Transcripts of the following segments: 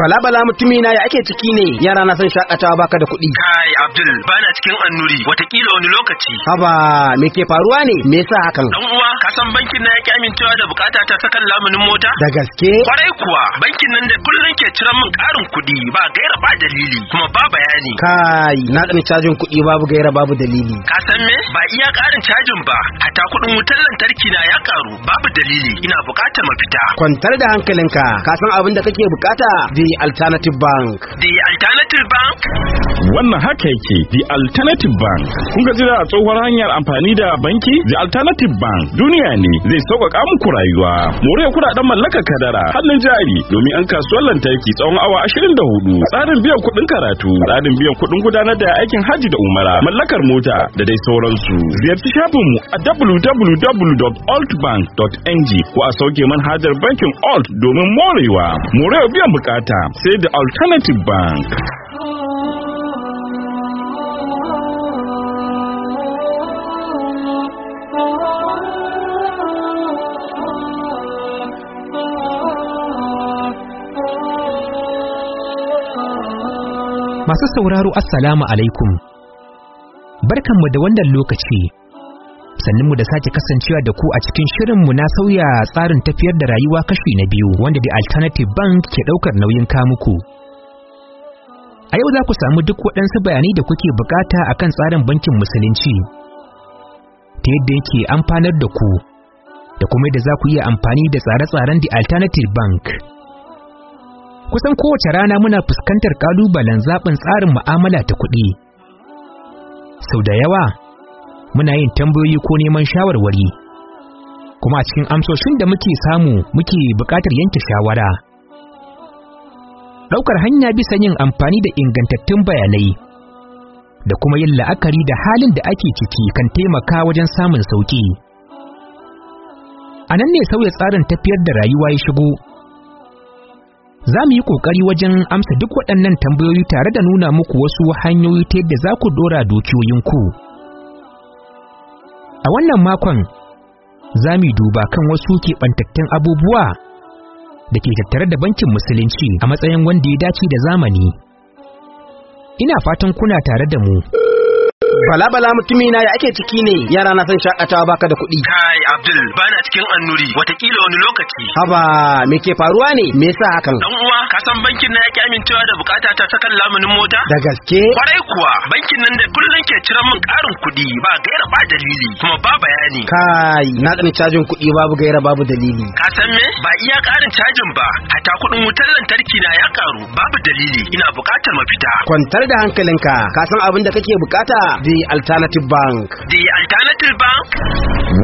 Bala bala mutumi na ya ake ciki ne yara na son shakatawa baka da kuɗi. Kai Abdul bana cikin annuri watakila wani lokaci. Haba me ke faruwa ne me yasa hakan? Dan uwa ka san bankin na yake amincewa da bukata ta sakan lamunin mota? Da gaske. Kwarai kuwa bankin nan da kullun ke ciran min karin kuɗi ba gaira ba dalili kuma ba bayani. Kai na tsani cajin kuɗi babu gaira babu dalili. Ka san me ba iya ƙarin cajin ba hatta kuɗin wutar lantarki na ya karu babu dalili ina bukatar mafita. Kwantar da hankalinka ka san abin da kake bukata zai The Alternative Bank. The Alternative Bank? Wannan haka yake The Alternative Bank. Kun ga a tsohuwar hanyar amfani da banki? The Alternative Bank duniya ne zai sauƙaƙa muku rayuwa. More kuɗaɗen mallaka kadara, hannun jari domin an kasuwar lantarki tsawon awa 24. Tsarin biyan kuɗin karatu, tsarin biyan kuɗin gudanar da aikin hajji da umara, mallakar mota da dai sauransu. Ziyarci shafinmu a www.altbank.ng ko a sauke manhajar bankin Alt domin morewa. More biyan bukata sai da Alternative Bank. Masu sauraro Assalamu alaikum. Barkanmu da wannan lokaci. mu da sake kasancewa da ku a cikin shirinmu na sauya tsarin tafiyar da rayuwa kashi na biyu wanda The Alternative Bank ke ɗaukar nauyin kamuku. A yau za ku samu duk waɗansu bayanai da kuke bukata akan tsarin bankin musulunci, ta yadda yake amfanar da ku, da kuma yadda za ku iya amfani da tsare-tsaren The Alternative Bank. Kusan kowace rana muna fuskantar ƙalubalen zaɓin tsarin mu'amala ta kuɗi. Sau da yawa, muna yin tambayoyi ko neman shawarwari kuma a cikin amsoshin da muke samu muke buƙatar yanke shawara ɗaukar hanya bisa yin amfani da ingantattun bayanai da kuma yin la'akari da halin da ake ciki kan taimaka wajen samun sauƙi a ne sauya tsarin tafiyar da rayuwa ya shigo za mu yi ƙoƙari wajen amsa duk waɗannan tambayoyi tare da nuna muku wasu hanyoyi ta yadda za ku ɗora dukiyoyinku. ku A wannan makon za mu duba kan wasu keɓantattun abubuwa da ke tattare da bankin musulunci a matsayin wanda ya dace da zamani. Ina fatan kuna tare da mu. bala bala mutumi na ya ake ciki ne yara na san shakatawa baka da kuɗi kai abdul bana cikin annuri watakila wani lokaci haba me ke faruwa ne me yasa hakan dan uwa ka san bankin na yake amincewa da bukata ta sakan lamunin mota da gaske kwarai kuwa bankin nan da kullun ke ciran min karin kuɗi ba gaira ba dalili kuma ba bayani kai na tsani cajin kuɗi babu gaira babu dalili ka san me ba iya karin cajin ba hatta kuɗin wutar lantarki na ya karu babu dalili ina bukatar mafita kwantar da hankalinka ka san abin da kake bukata The Alternative Bank. The alternative Alternative Bank?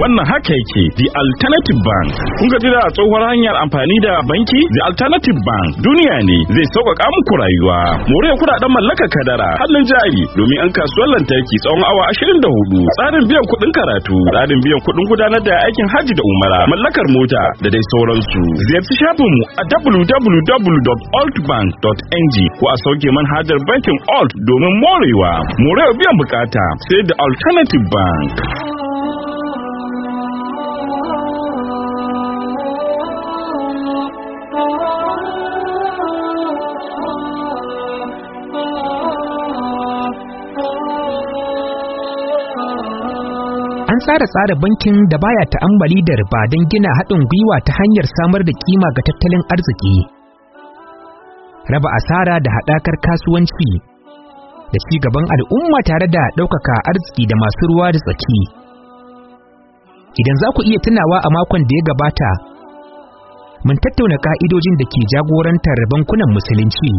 Wannan haka yake The Alternative Bank. Kun gaji a tsohuwar hanyar amfani da banki? The Alternative Bank duniya ne zai sauƙaƙa muku rayuwa. More kuɗaɗen mallaka kadara, hannun jari domin an kasuwar lantarki tsawon awa ashirin da hudu. Tsarin biyan kuɗin karatu, tsarin biyan kuɗin gudanar da aikin hajji da umara, mallakar mota da dai sauransu. Ziyarci shafinmu a www.altbank.ng ko a sauke manhajar bankin Alt domin morewa. More biyan bukata sai da Alternative Bank. an tsara tsara bankin da baya ta'ammali da riba don gina haɗin gwiwa ta hanyar samar da kima ga tattalin arziki raba asara da haɗakar kasuwanci da ci gaban al'umma tare da ɗaukaka arziki da masu ruwa da tsaki idan za ku iya tunawa a makon da ya gabata mun tattauna ƙa'idojin da ke jagorantar bankunan musulunci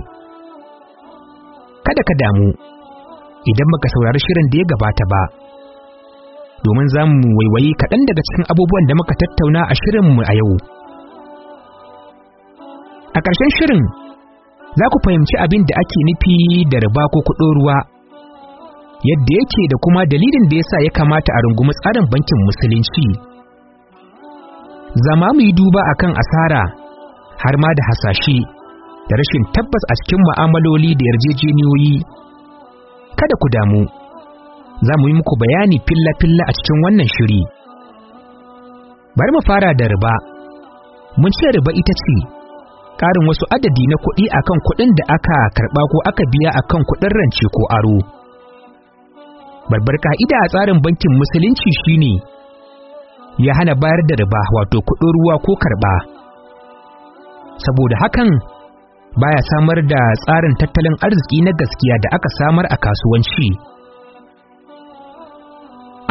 kada ka damu idan baka saurari shirin da ya gabata ba domin za mu waiwayi kaɗan daga cikin abubuwan da muka tattauna a shirinmu a yau. A ƙarshen shirin za ku fahimci abin da ake nufi da riba ko kuɗin ruwa yadda yake da kuma dalilin da ya sa ya kamata a rungumi tsarin bankin musulunci. Zama mu yi duba a kan asara har ma da hasashe da rashin tabbas a cikin mu'amaloli da yarjejeniyoyi. Kada ku damu. za mu yi muku bayani filla-filla a cikin wannan shiri. Bari mu fara da riba. Mun ce riba ita ce, ƙarin wasu adadi na kuɗi akan kuɗin da aka karɓa ko aka biya akan kuɗin rance ko aro. Barbar ka'ida a tsarin bankin musulunci shine ya hana bayar da riba wato kuɗin ruwa ko karɓa. Saboda hakan baya samar da tsarin tattalin arziki na gaskiya da aka samar a kasuwanci.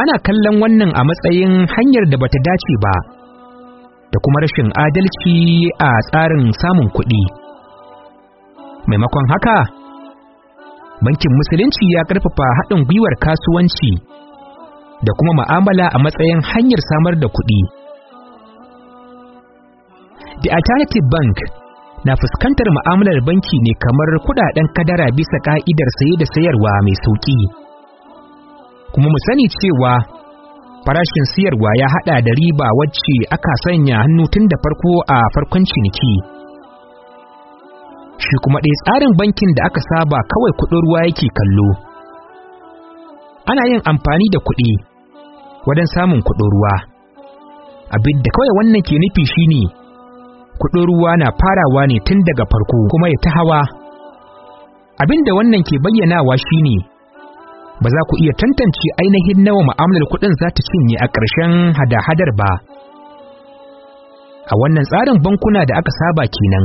ana kallon wannan a matsayin hanyar da bata dace ba da kuma rashin adalci a tsarin samun kuɗi maimakon haka bankin musulunci ya karfafa haɗin gwiwar kasuwanci da kuma ma'amala a matsayin hanyar samar da kuɗi the alternative bank na fuskantar ma'amalar banki ne kamar kudaden kadara bisa ka'idar saye da sayarwa mai sauƙi. kuma mu sani cewa farashin siyarwa ya haɗa da riba wacce aka sanya hannu tun da farko a farkon ciniki shi kuma ɗaya tsarin bankin da aka saba kawai kuɗin ruwa yake kallo ana yin amfani da kuɗi wajen samun kuɗin ruwa abin da kawai wannan ke nufi shine kuɗin ruwa na farawa ne tun daga farko kuma ya ta hawa abin da wannan ke bayyanawa shine ba za ku iya tantance ainihin nawa ma'amalar kuɗin za ta cinye a ƙarshen hada-hadar ba. A wannan tsarin bankuna da aka saba kenan.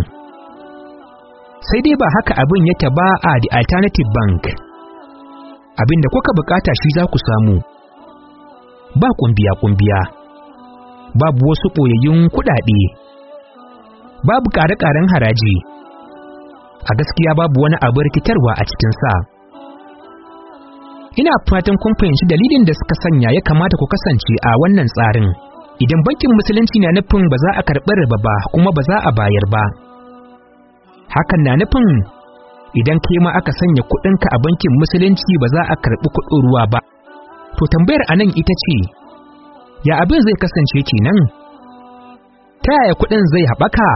Sai dai ba haka abin yake ba a The Alternative Bank. Abin da kuka bukata shi za ku samu. Ba kumbiya-kumbiya, babu wasu ɓoyayyun kuɗaɗe, babu ƙare-ƙaren haraji. A gaskiya babu wani abu rikitarwa a cikin sa. Ina fatan kun fahimci dalilin da suka sanya ya kamata ku kasance a wannan tsarin. Idan bankin musulunci na nufin ba za a karɓi riba ba kuma ba za a bayar ba. Hakan na nufin idan ke ma aka sanya kuɗinka a bankin musulunci ba za a karɓi kuɗin ruwa ba. To tambayar a nan ita ce, ya abin zai kasance kenan? Ta yaya kuɗin zai haɓaka?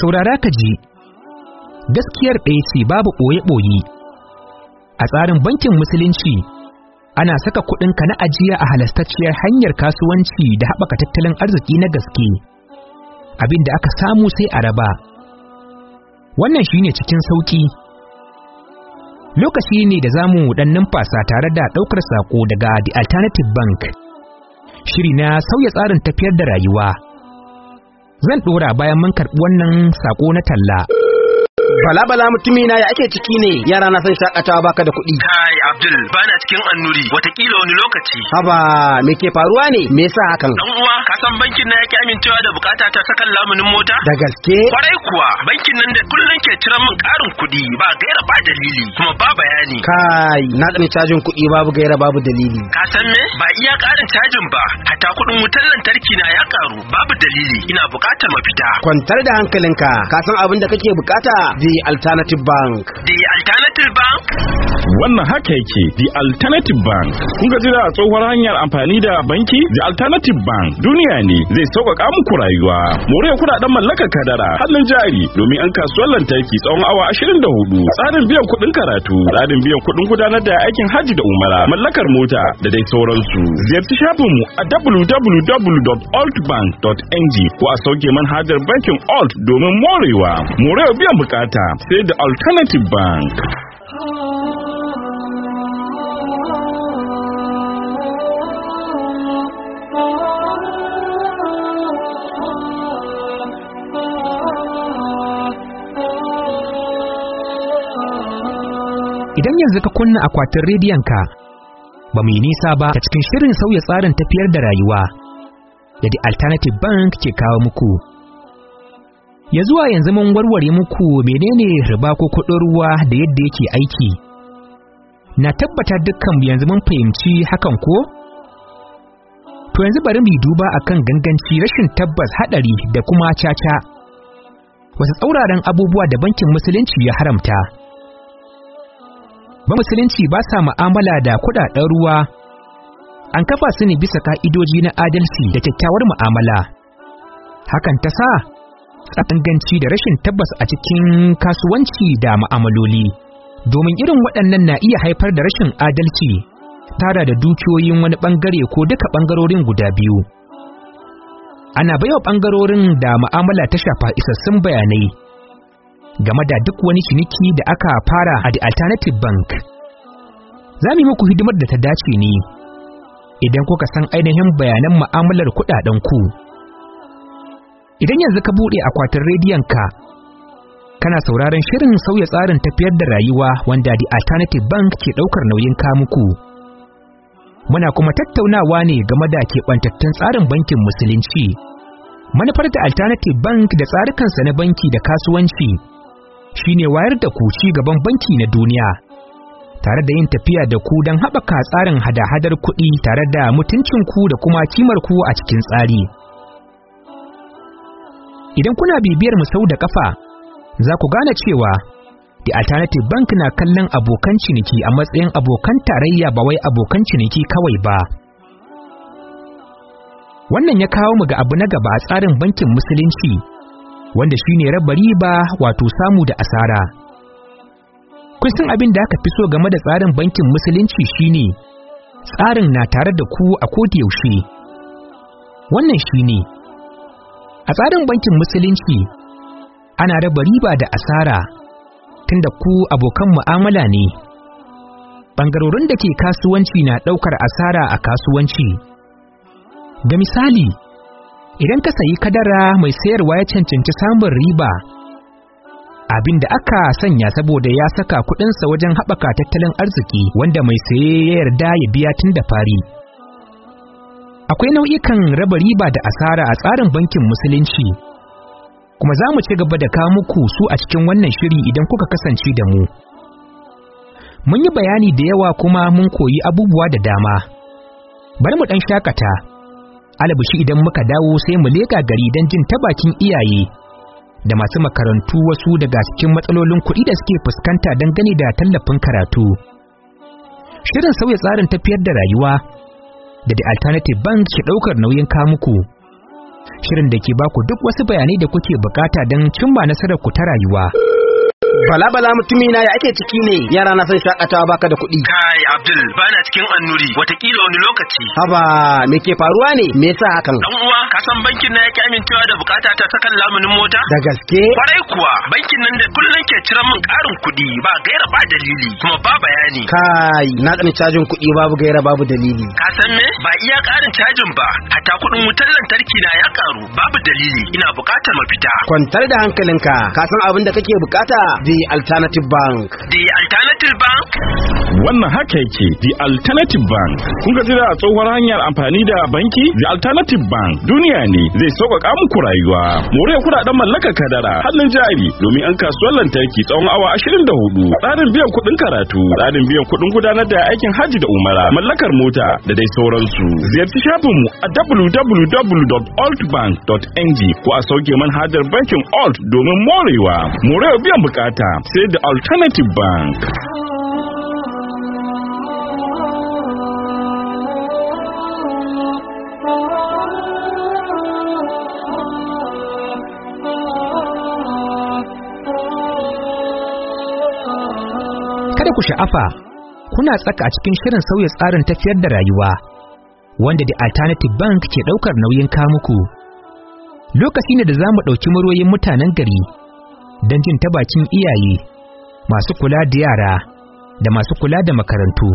Saurara ka ji, gaskiyar ɗaya ce babu ɓoye-ɓoye. A tsarin bankin musulunci ana saka kuɗinka na ajiya a halastacciyar hanyar kasuwanci da haɓaka tattalin arziki na gaske. Abin da aka samu sai a raba. Wannan shi ne cikin sauƙi. Lokaci ne da zamu mu ɗan numfasa tare da ɗaukar sako daga The Alternative Bank. Shiri na sauya tsarin tafiyar da rayuwa. Zan ɗora bayan mun karɓi wannan saƙo na talla. Bala bala mutumi na ya ake ciki ne yara na san shakatawa baka da kuɗi. Kai Abdul bana cikin annuri watakila wani lokaci. Haba me ke faruwa ne me yasa hakan? Dan uwa ka san bankin na yake amincewa da bukata ta sakan lamunin mota? Da gaske? Kwarai kuwa bankin nan da kullun ke ciran min karin kuɗi ba gaira ba dalili kuma ba bayani. Kai na ɗan cajin kuɗi babu gaira babu dalili. Ka san me? Ba iya karin cajin ba hatta kuɗin wutar lantarki na ya karu babu dalili ina buƙatar mafita. Kwantar da hankalinka ka san abin da kake bukata The Alternative Bank. The Alternative Bank? Wannan haka yake The Alternative Bank. Kun gaji da tsohuwar hanyar amfani da banki? The Alternative Bank duniya ne zai sauƙaƙa muku rayuwa. More kuɗaɗen mallaka kadara, hannun jari domin an kasuwar lantarki tsawon awa ashirin da 24. Tsarin biyan kuɗin karatu, tsarin biyan kuɗin gudanar da aikin hajji da umara, mallakar mota da dai sauransu. Ziyarci mu a www.altbank.ng ko a sauke manhajar bankin Alt domin morewa. Moriya biyan bukata bukata sai da alternative bank idan yanzu ka kunna akwatin rediyonka ba mu yi nisa ba ta cikin shirin sauya tsarin tafiyar da rayuwa da alternative bank ke kawo muku ya zuwa yanzu mun warware muku menene riba ko kudin ruwa da yadda yake aiki na tabbata dukkan yanzu mun fahimci hakan ko to yanzu bari mu duba akan ganganci rashin tabbas hadari da kuma caca wasu tsauraran abubuwa da bankin musulunci ya haramta ba musulunci ba sa mu'amala da kuɗaɗen ruwa an kafa su ne bisa ka'idoji na adalci da kyakkyawar mu'amala hakan ta sa tsanganci da rashin tabbas a cikin kasuwanci da ma'amaloli domin irin waɗannan na iya haifar da rashin adalci tara da dukiyoyin wani ɓangare ko duka ɓangarorin guda biyu ana baiwa ɓangarorin da ma'amala ta shafa isassun bayanai game da duk wani ciniki da aka fara a the alternative bank za mu yi muku hidimar da ta dace ne idan kuka san ainihin bayanan ma'amalar kuɗaɗen ku. idan yanzu ka buɗe akwatin rediyon ka kana sauraron shirin sauya tsarin tafiyar da rayuwa wanda the alternative bank ke ɗaukar nauyin kamuku muna kuma tattaunawa ne game da keɓantattun tsarin bankin musulunci manufar da alternative bank da tsarukansa na banki da kasuwanci shine wayar da ku ci gaban banki na duniya tare da yin tafiya da ku don haɓaka tsarin hada-hadar kuɗi tare da mutuncin ku da kuma kimar ku a cikin tsari. idan kuna bibiyar mu sau da kafa za ku gane cewa the alternative bank na kallon abokan ciniki a matsayin abokan tarayya ba wai abokan ciniki kawai ba wannan ya kawo mu ga abu na gaba a tsarin bankin musulunci wanda shine raba riba wato samu da asara kun san abin da aka fi so game da tsarin bankin musulunci shine tsarin na tare da ku a yaushe wannan shine ne a tsarin bankin musulunci ana raba riba da asara tunda ku abokan mu'amala ne ɓangarorin da ke kasuwanci na ɗaukar asara a kasuwanci ga misali idan ka sayi kadara mai sayarwa ya cancanci samun riba abin da aka sanya saboda ya saka kuɗinsa wajen haɓaka tattalin arziki wanda mai saye ya yarda ya biya tun da fari akwai nau'ikan raba riba da asara a tsarin bankin musulunci kuma za mu ci gaba da kawo muku su a cikin wannan shiri idan kuka kasance da mu mun yi bayani da yawa kuma mun koyi abubuwa da dama bari mu ɗan shakata albishi idan muka dawo sai mu leka gari don jin ta bakin iyaye da masu makarantu wasu daga cikin matsalolin kuɗi da suke fuskanta dangane da tallafin karatu shirin sauya tsarin tafiyar da rayuwa da The Alternative Bank ke ɗaukar nauyin kamuku. Shirin da ke baku duk wasu bayanai da kuke bukata don cimma nasarar ku ta rayuwa. Bala bala mutumi na ya ake ciki ne yara na sai shakatawa baka da kuɗi. Kai Abdul bana cikin annuri watakila wani lokaci. Haba me ke faruwa ne me yasa hakan? Dan uwa ka san bankin na yake amincewa da bukata ta sakan lamunin mota? Da gaske. Kwarai kuwa bankin nan da kullun ke ciran min karin kuɗi ba gaira ba dalili kuma ba bayani. Kai na tsani cajin kuɗi babu gaira babu dalili. Ka san me ba iya karin cajin ba hatta kuɗin wutar lantarki na ya karu babu dalili ina bukatar mafita. Kwantar da hankalinka ka san abin da kake bukata The Alternative Bank. The Alternative Bank? Wannan haka yake The Alternative Bank. Kun ga a tsohuwar hanyar amfani da banki? The Alternative Bank duniya ne zai sauƙaƙa muku rayuwa. More kuɗaɗen mallakar kadara, hannun jari domin an kasuwar lantarki tsawon awa ashirin da hudu Tsarin biyan kuɗin karatu, tsarin biyan kuɗin gudanar da aikin hajji da umara, mallakar mota da dai sauransu. Ziyarci mu a www.altbank.ng ko a sauke manhajar bankin Alt domin morewa. More biyan buƙatu. bukata sai da alternative bank kada ku sha'afa kuna tsaka a cikin shirin sauya tsarin tafiyar da rayuwa wanda da alternative bank ke ɗaukar nauyin kamuku lokaci ne da za mu ɗauki maroyin mutanen gari don jin ta bakin iyaye masu kula da yara da masu kula da makarantu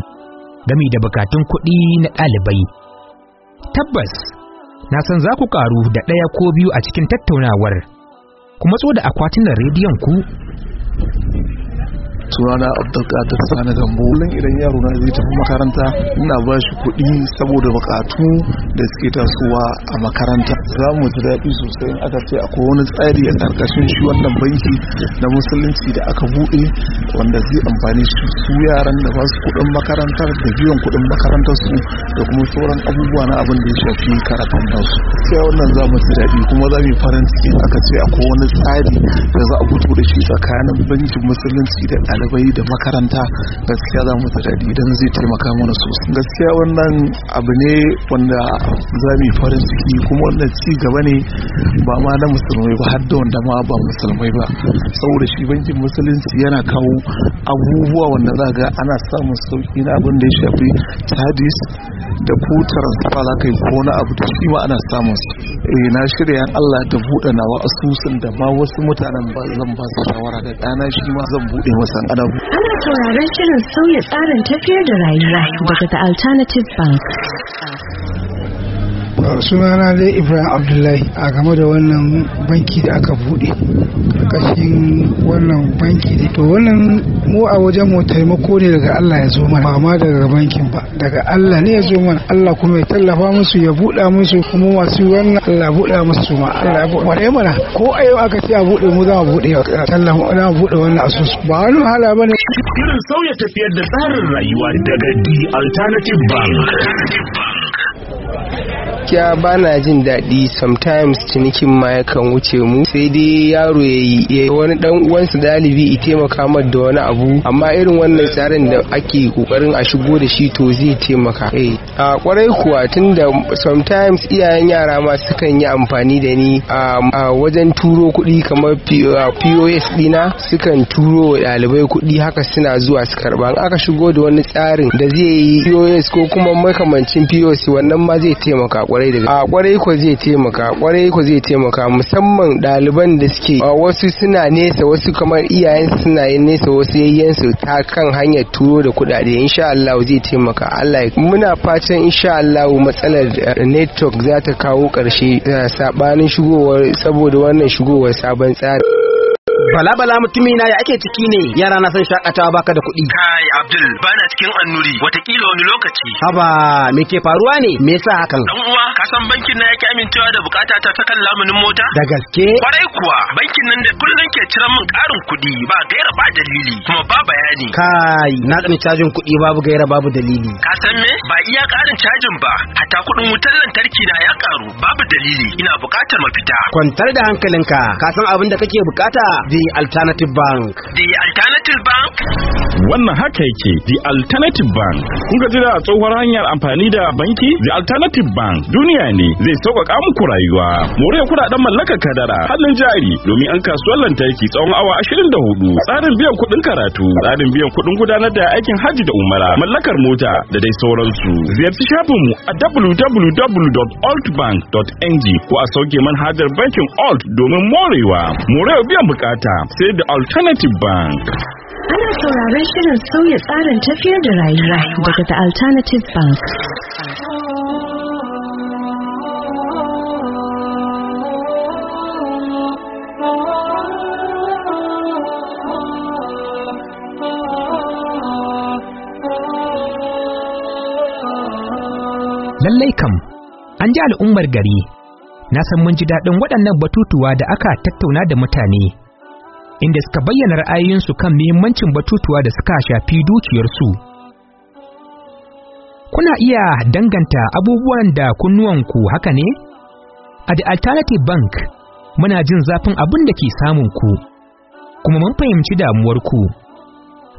gami da bukatun kuɗi na ɗalibai. Tabbas, na san za ku ƙaru da ɗaya ko biyu a cikin tattaunawar, kuma tso da akwatunan rediyon ku sunana abdulkadir sani gambo nan idan yaro na zai tafi makaranta ina ba shi kuɗi saboda bukatu da suke tasowa a makaranta za mu ji daɗi sosai in aka ce akwai wani tsari a ƙarƙashin shi wannan banki na musulunci da aka buɗe wanda zai amfani shi su yaran da ba su kuɗin makarantar da biyan kuɗin makarantar su da kuma sauran abubuwa na abin da ya shafi karatun nasu sai wannan za mu ji daɗi kuma za mu yi farin ciki aka ce akwai wani tsari da za a fito da shi tsakanin bankin musulunci da dalibai da makaranta gaskiya za mu daɗi idan zai taimaka mana sosai gaskiya wannan abu ne wanda za mu yi farin ciki kuma wannan ci gaba ne ba ma na musulmai ba har da wanda ma ba musulmai ba saboda shi bankin musulunci yana kawo abubuwa wanda za ga ana samun sauki na abin da ya shafi hadis da ko transfer za ka ko na abu da shi ma ana samun su eh na shirya yan Allah da buɗe nawa asusun da ma wasu mutanen ba zan ba su shawara da ɗana shi ma zan buɗe masa ana ana sauraron shirin sauya tsarin tafiyar da rayuwa daga The Alternative Bank sunana dai ibrahim abdullahi a game da wannan banki da aka bude karkashin wannan banki da to wannan mu a wajen mu taimako ne daga allah ya zo mana ba ma daga bankin ba daga allah ne ya zo mana allah kuma ya tallafa musu ya buɗa musu kuma masu wannan allah buɗa musu ma allah ya mana ko a yau aka ce a buɗe mu za mu buɗe tallafa za mu buɗe wannan asusu ba wani wahala ba ne irin sauya tafiyar da tsarin rayuwa daga the alternative bank gaskiya ba na jin daɗi sometimes cinikin ma yakan wuce mu sai dai yaro ya yi wani dan uwansa dalibi ya taimaka mar da wani abu amma irin wannan tsarin da ake kokarin a shigo da shi to zai taimaka eh a kwarai kuwa tun da sometimes iyayen yara ma sukan yi amfani da ni a wajen turo kuɗi kamar POS dina sukan turo wa ɗalibai kuɗi haka suna zuwa su karɓa in aka shigo da wani tsarin da zai yi POS ko kuma makamancin POS wannan ma zai taimaka kwarai da a kwarai ko zai taimaka kwarai ko zai taimaka musamman ɗaliban da suke wasu suna nesa wasu kamar iyayen suna yin nesa wasu yayyen ta kan hanyar turo da kuɗaɗe insha Allah zai taimaka Allah muna fatan insha Allah matsalar eh, network za ta kawo ƙarshe eh, sabanin shigowar saboda wannan shigowar sabon tsari Bala bala mutumi na ya ake ciki ne yara na san shakatawa baka da kuɗi. Kai Abdul bana cikin annuri watakila wani lokaci. Haba me ke faruwa ne me yasa hakan? Dan uwa ka san bankin na yake amincewa da bukata ta sakan lamunin mota? Da gaske. Kwarai kuwa bankin nan da kullum ke cire min karin kuɗi ba gaira ba dalili kuma ba bayani. Kai na tsani cajin kuɗi babu gaira babu dalili. Ka san me ba iya karin cajin ba hatta kuɗin wutar lantarki na ya karu babu dalili ina bukatar mafita. Kwantar da hankalinka ka san abin da kake bukata the alternative bank. The alternative wannan haka yake the alternative bank kun ga da tsohuwar hanyar amfani da banki the alternative bank duniya ne zai sauƙaƙa muku rayuwa more kuɗaɗen mallakar kadara hannun jari domin an kasuwar lantarki tsawon awa ashirin da hudu tsarin biyan kuɗin karatu tsarin biyan kuɗin gudanar da aikin hajji da umara mallakar mota da dai sauransu ziyarci shafinmu a www.altbank.ng ko a sauke manhajar bankin alt domin morewa morewa biyan bukata sai da alternative bank Ana sauraron shirin sauya tsarin tafiyar da rayuwa daga The Alternative Bank. Lallai kam, an ji al'ummar gari, na san mun ji daɗin waɗannan batutuwa da aka tattauna da mutane. inda suka bayyana ra'ayinsu kan muhimmancin batutuwa da suka shafi dukiyarsu. Kuna iya danganta abubuwan da kunnuwanku haka ne? A The Alternative Bank muna jin zafin abin da ke samunku, kuma mun fahimci damuwarku.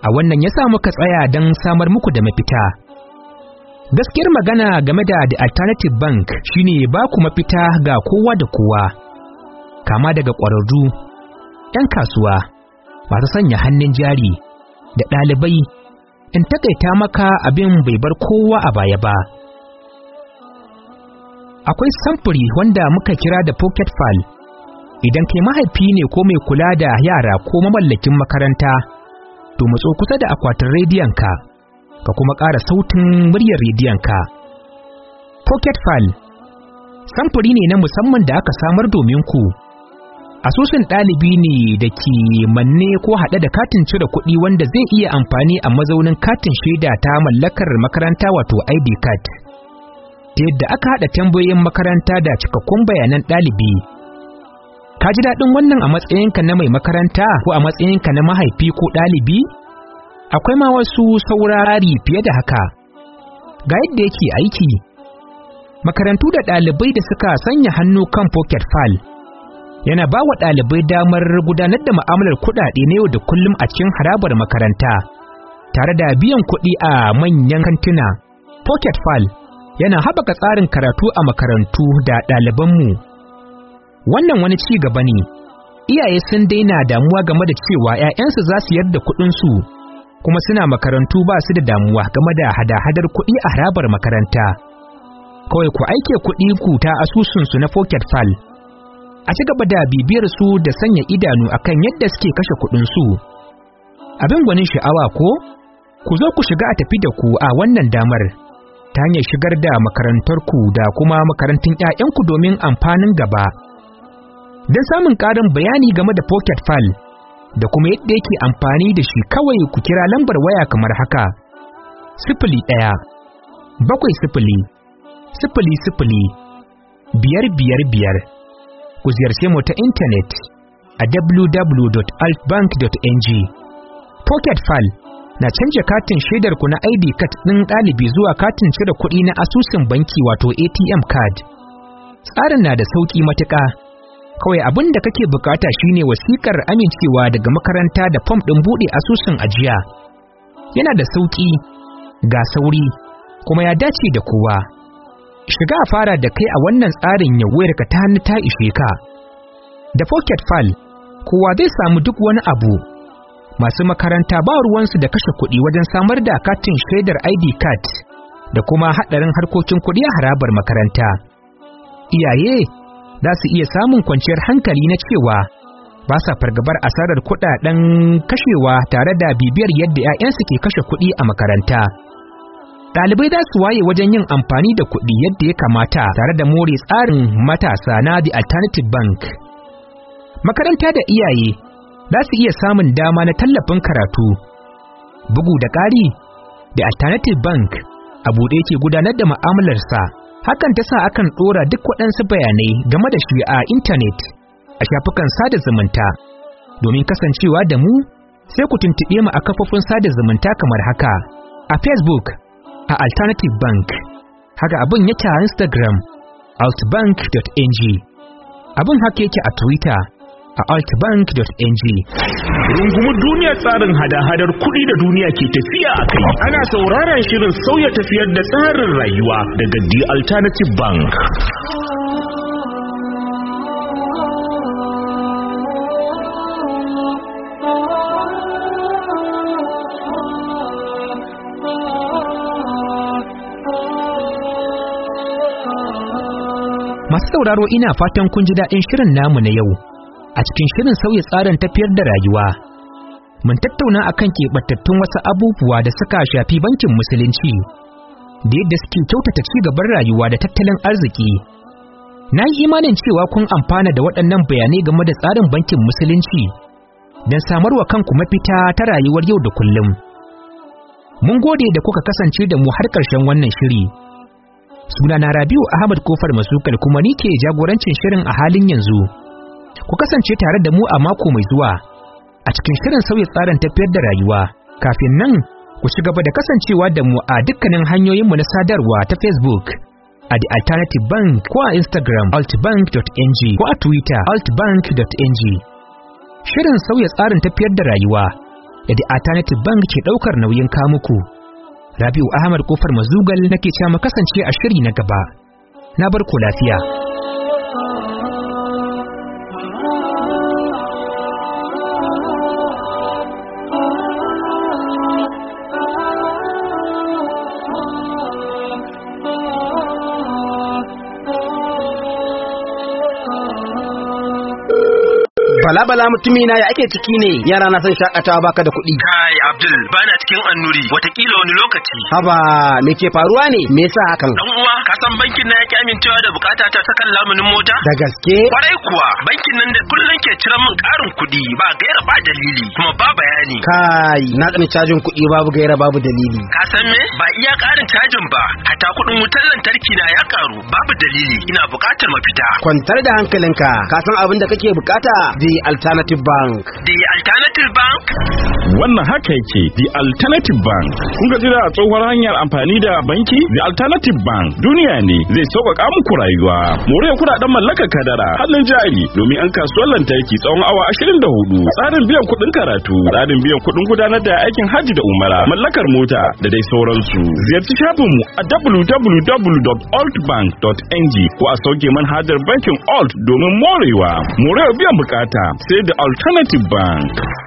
A wannan ya sa muka tsaya don samar muku da mafita. Gaskiyar magana game da The Alternative Bank shine ba ku mafita ga kowa da kowa, kama daga ƙwararru ‘yan kasuwa, masu sanya hannun jari da ɗalibai, in taƙaita maka abin bai bar kowa a baya ba. Akwai samfuri wanda muka kira da pocket file, idan kai mahaifi ne ko mai kula da yara ko mamallakin makaranta, to matso kusa da akwatin rediyon ka ka kuma ƙara sautin muryar ka. Pocket file samfuri ne na musamman da aka samar domin ku. asusun ɗalibi ne da ke manne ko haɗe da katin cire kuɗi wanda zai iya amfani a mazaunin katin shaida ta mallakar makaranta wato id card ta yadda aka haɗa tambayoyin makaranta da cikakkun bayanan ɗalibi ka ji daɗin wannan a matsayinka na mai makaranta ko a matsayinka na mahaifi ko ɗalibi akwai ma wasu saurari fiye da haka ga yadda yake aiki makarantu da ɗalibai da suka sanya hannu kan pocket file yana ba wa ɗalibai damar gudanar da ma'amalar kuɗaɗe na yau da kullum a cikin harabar makaranta tare da biyan kuɗi a manyan kantuna pocket fal yana haɓaka tsarin karatu a makarantu da ɗalibanmu wannan wani ci gaba ne iyaye sun daina damuwa game da cewa 'ya'yansu za su yarda kuɗinsu kuma suna makarantu ba su da damuwa game da hada-hadar kuɗi a harabar makaranta kawai ku aike kuɗi ku ta asusunsu na pocket fal a ci gaba da bibiyar su da sanya idanu akan yadda suke kashe kuɗin su. Abin gwanin sha'awa ko? Ku zo ku shiga a tafi da ku a wannan damar ta hanyar shigar da makarantarku da kuma makarantun 'ya'yanku domin amfanin gaba. Don samun ƙarin bayani game da Pocket File da kuma yadda yake amfani da shi kawai ku kira lambar waya kamar haka. Sifili ɗaya, bakwai sifili, sifili sifili, biyar biyar biyar. ku ziyarce mu ta intanet a www.altbank.ng. Pocket File na canja katin shaidar ku na ID kat ɗin ɗalibi zuwa katin cire kuɗi na asusun banki wato ATM card. Tsarin na da sauƙi matuƙa. Kawai abin da kake bukata shine wasiƙar amincewa daga makaranta da fom ɗin buɗe asusun ajiya. Yana da sauƙi, ga sauri, kuma ya dace da kowa. shiga a fara da kai a wannan tsarin ya ka ta hannu ta ishe ka da pocket file kowa zai samu duk wani abu masu makaranta ba ruwansu da kashe kuɗi wajen samar da katin shaidar id card da kuma haɗarin harkokin kuɗi a harabar makaranta iyaye za su iya samun kwanciyar hankali na cewa ba sa fargabar asarar kuɗaɗen kashewa tare da bibiyar yadda 'ya'yansu ke kashe kuɗi a makaranta. Ɗalibai za su waye wajen yin amfani da kuɗi yadda ya kamata tare da more tsarin matasa na The Alternative Bank. Makaranta da iyaye za su iya samun dama na tallafin karatu. Bugu da ƙari, The Alternative Bank a buɗe ke gudanar da mu'amalarsa. Hakan ta sa akan ɗora duk waɗansu bayanai game da shi a intanet a shafukan sada zumunta. Domin kasancewa da mu, sai ku tuntuɓe mu a kafofin sada zumunta kamar haka. A Facebook, a Alternative Bank. Haka abin yake a Instagram altbank.ng. Abin haka yake a Twitter a altbank.ng. Rungumu duniya tsarin hada-hadar kuɗi da duniya ke tafiya a kai. Ana sauraron shirin sauya tafiyar da tsarin rayuwa daga The Alternative Bank. sauraro ina fatan kun ji daɗin shirin namu na yau. A cikin shirin sauya tsarin tafiyar da rayuwa. Mun tattauna akan keɓantattun wasu abubuwa da suka shafi bankin musulunci. Da yadda suke kyautata ci gaban rayuwa da tattalin arziki. Na yi imanin cewa kun amfana da waɗannan bayanai game da tsarin bankin musulunci. Don samarwa kanku mafita ta rayuwar yau da kullum. Mun gode da kuka kasance da mu har ƙarshen wannan shiri. Suna na Rabiu Ahmad Kofar masukar kuma ni ke jagorancin shirin a halin yanzu. Ku kasance tare da mu a mako mai zuwa a cikin shirin sauya tsarin tafiyar da rayuwa. Kafin nan ku ci gaba da kasancewa da mu a dukkanin hanyoyinmu na sadarwa ta Facebook a The Alternative Bank ko a Instagram altbank.ng ko a Twitter altbank.ng. Shirin sauya tsarin tafiyar da rayuwa da The Alternative Bank ke ɗaukar nauyin kamuku. Rabiu Ahmad Kofar Mazugal nake cewa kasance a shiri na gaba. Na barko lafiya. Bala bala mutumi na ya ake ciki ne yara na san shakatawa baka da kuɗi. Kai Abdul bana cikin annuri watakila wani lokaci. Haba me ke faruwa ne me yasa hakan? Dan uwa ka san bankin na yake amincewa da bukata ta sakan lamunin mota? Da gaske. Kwarai kuwa bankin nan da kullun ke cire min ƙarin kuɗi ba gaira ba dalili kuma ba bayani. Kai na tsani cajin kuɗi babu gaira babu dalili. Ka san me ba iya karin cajin ba hatta kuɗin wutar lantarki na ya karu babu dalili ina bukatar mafita. Kwantar da hankalinka ka san abin da kake bukata zai the alternative bank the alternative bank wannan haka yake the alternative bank kun ga jira a tsohuwar hanyar amfani da banki the alternative bank duniya ne zai sauƙaƙa muku rayuwa more kuɗaɗen mallakar kadara hannun jari domin an kasuwar lantarki tsawon awa 24 tsarin biyan kuɗin karatu tsarin biyan kuɗin gudanar da aikin hajji da umara mallakar mota da dai sauransu ziyarci mu a www.altbank.ng ko a sauke manhajar bankin alt domin morewa morewa biyan bukata Say the alternative bank.